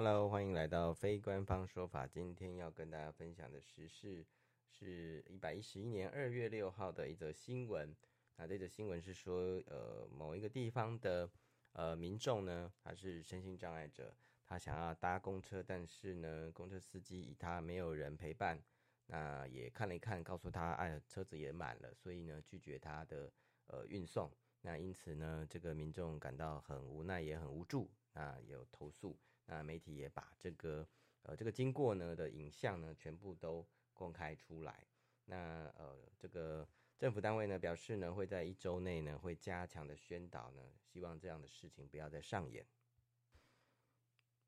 Hello，歡迎來到非官方說法。今天要跟大家分享的時事是一百一十一年二月六號的一則新聞。那這則新聞是說，呃，某一個地方的呃民眾呢，他是身心障礙者，他想要搭公車，但是呢，公車司機以他沒有人陪伴，那也看了一看，告訴他，哎，車子也滿了，所以呢，拒絕他的呃運送。那因此呢，這個民眾感到很無奈，也很無助，那有投訴。那媒體也把這個，呃，這個經過呢的影像呢全部都公開出來。那呃，這個政府單位呢表示呢會在一周內呢會加強的宣導呢，希望這樣的事情不要再上演。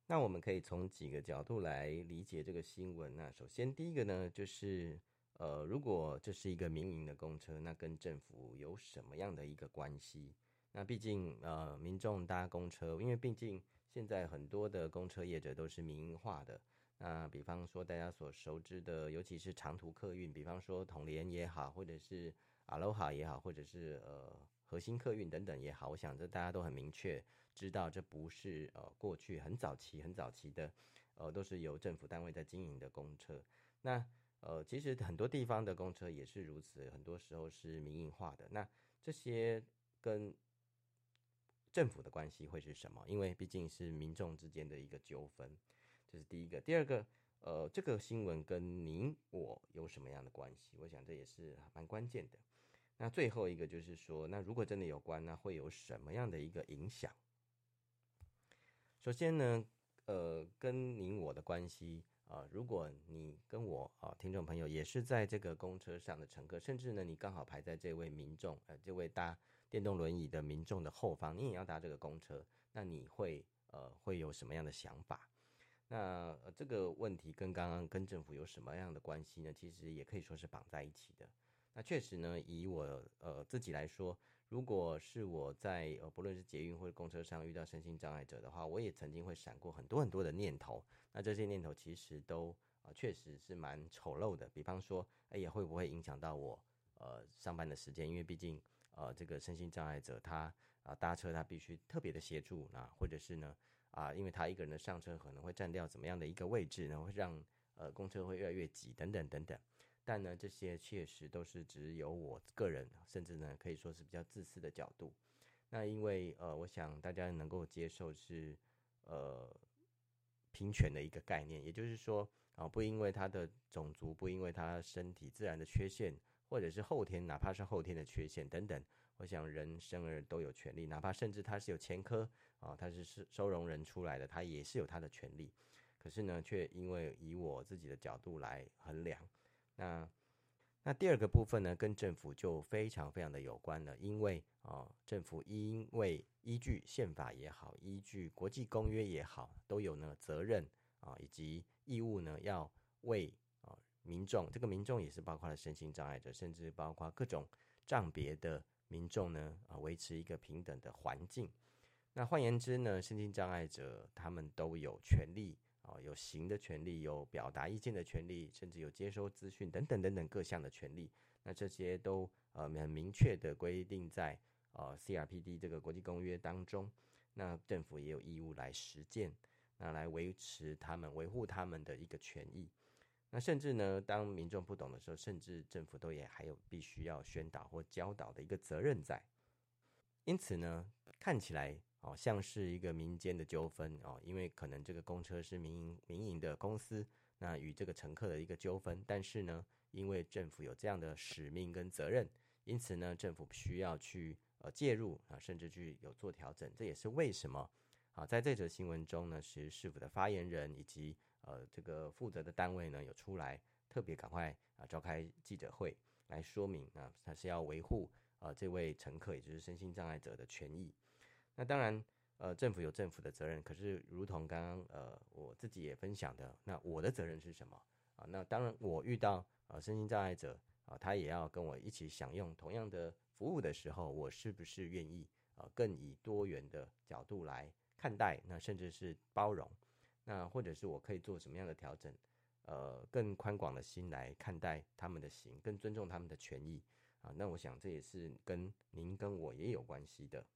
那我們可以從幾個角度來理解這個新聞。那首先第一個呢就是，呃，如果這是一個民營的公車，那跟政府有什麼樣的一個關係？那畢竟呃，民眾搭公車，因為畢竟。現在很多的公車業者都是民營化的，那比方說大家所熟知的，尤其是長途客運，比方說統聯也好，或者是阿羅哈也好，或者是呃和欣客運等等也好，我想這大家都很明確知道，這不是呃過去很早期很早期的，呃都是由政府單位在經營的公車。那呃其實很多地方的公車也是如此，很多時候是民營化的。那這些跟政府的關係會是什麼？因為畢竟是民眾之間的一個糾紛，這、就是第一個。第二個，呃，這個新聞跟您我有什麼樣的關係？我想這也是蠻關鍵的。那最後一個就是說，那如果真的有關，那會有什麼樣的一個影響？首先呢，呃，跟您我的關係啊、呃，如果你跟我啊、呃，聽眾朋友也是在這個公車上的乘客，甚至呢，你剛好排在這位民眾啊、呃，這位大。電動輪椅的民眾的後方，你也要搭這個公車，那你會呃會有什麼樣的想法？那、呃、這個問題跟剛剛跟政府有什麼樣的關係呢？其實也可以說是綁在一起的。那確實呢，以我呃自己來說，如果是我在呃不論是捷運或者公車上遇到身心障礙者的話，我也曾經會閃過很多很多的念頭。那這些念頭其實都啊、呃、確實是蠻醜陋的，比方說，哎、呃，也會不會影響到我呃上班的時間？因為畢竟。呃，這個身心障礙者他，他、呃、啊搭車他必須特別的協助啊，或者是呢啊，因為他一個人的上車可能會佔掉怎麼樣的一個位置呢，會讓呃公車會越來越擠等等等等。但呢，這些確實都是只有我個人，甚至呢，可以說是比較自私的角度。那因為呃，我想大家能夠接受是呃平權的一個概念，也就是說啊、呃，不因為他的種族，不因為他身體自然的缺陷，或者是後天，哪怕是後天的缺陷等等，我想人生而都有權利，哪怕甚至他是有前科啊、哦，他是收容人出來的，他也是有他的權利。可是呢，卻因為以我自己的角度來衡量，那那第二個部分呢，跟政府就非常非常的有關了，因為啊、哦，政府因為依據憲法也好，依據國際公約也好，都有那個責任啊、哦，以及義務呢，要為。民眾，這個民眾也是包括了身心障礙者，甚至包括各種障別的民眾呢。啊、呃，維持一個平等的環境。那換言之呢，身心障礙者他們都有權利啊、呃，有行的權利，有表達意見的權利，甚至有接收資訊等等等等各項的權利。那這些都呃很明確的規定在呃 CRPD 這個國際公約當中。那政府也有義務來實踐，那來維持他們維護他們的一個權益。那甚至呢，當民眾不懂的時候，甚至政府都也還有必須要宣導或教導的一個責任在。因此呢，看起來好，哦，像是一個民間的糾紛哦，因為可能這個公車是民營民營的公司，那與這個乘客的一個糾紛。但是呢，因為政府有這樣的使命跟責任，因此呢，政府需要去呃介入啊，甚至去有做調整。這也是為什麼啊，在這則新聞中呢，是市府的發言人以及。呃，這個負責的單位呢，有出來特別趕快啊、呃、召開記者會來說明啊、呃，他是要維護啊、呃、這位乘客也就是身心障礙者的權益。那當然，呃，政府有政府的責任。可是，如同剛剛呃我自己也分享的，那我的責任是什麼啊、呃？那當然，我遇到呃身心障礙者啊、呃，他也要跟我一起享用同樣的服務的時候，我是不是願意啊、呃、更以多元的角度來看待，那甚至是包容。那或者是我可以做什麼樣的調整？呃，更寬廣的心來看待他們的行，更尊重他們的權益啊。那我想這也是跟您跟我也有關係的。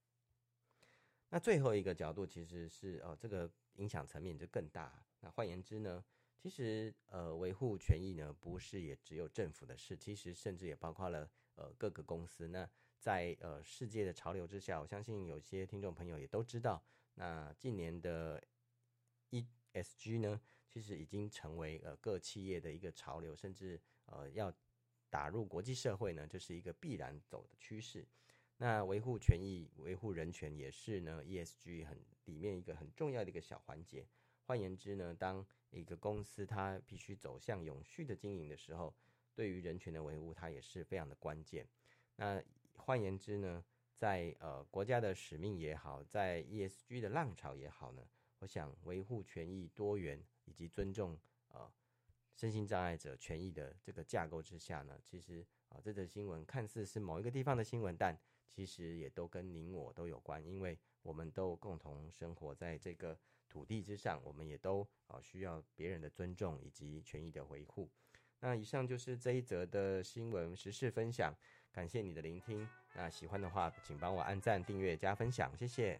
那最後一個角度其實是哦、呃，這個影響層面就更大。那換言之呢，其實呃維護權益呢不是也只有政府的事，其實甚至也包括了呃各個公司呢。那在呃世界的潮流之下，我相信有些聽眾朋友也都知道，那近年的。ESG 呢，其實已經成為呃各企業的一個潮流，甚至呃要打入國際社會呢，就是一個必然走的趨勢。那維護權益、維護人權，也是呢 ESG 很裡面一個很重要的一個小環節。換言之呢，當一個公司它必須走向永續的經營的時候，對於人權的維護，它也是非常的關鍵。那換言之呢，在呃國家的使命也好，在 ESG 的浪潮也好呢。我想維護權益多元以及尊重呃身心障礙者權益的這個架構之下呢，其實啊這則新聞看似是某一個地方的新聞，但其實也都跟您我都有關，因為我們都共同生活在這個土地之上，我們也都啊需要別人的尊重以及權益的維護。那以上就是這一則的新聞時事分享，感謝你的聆聽。那喜歡的話，請幫我按贊、訂閱、加分享，謝謝。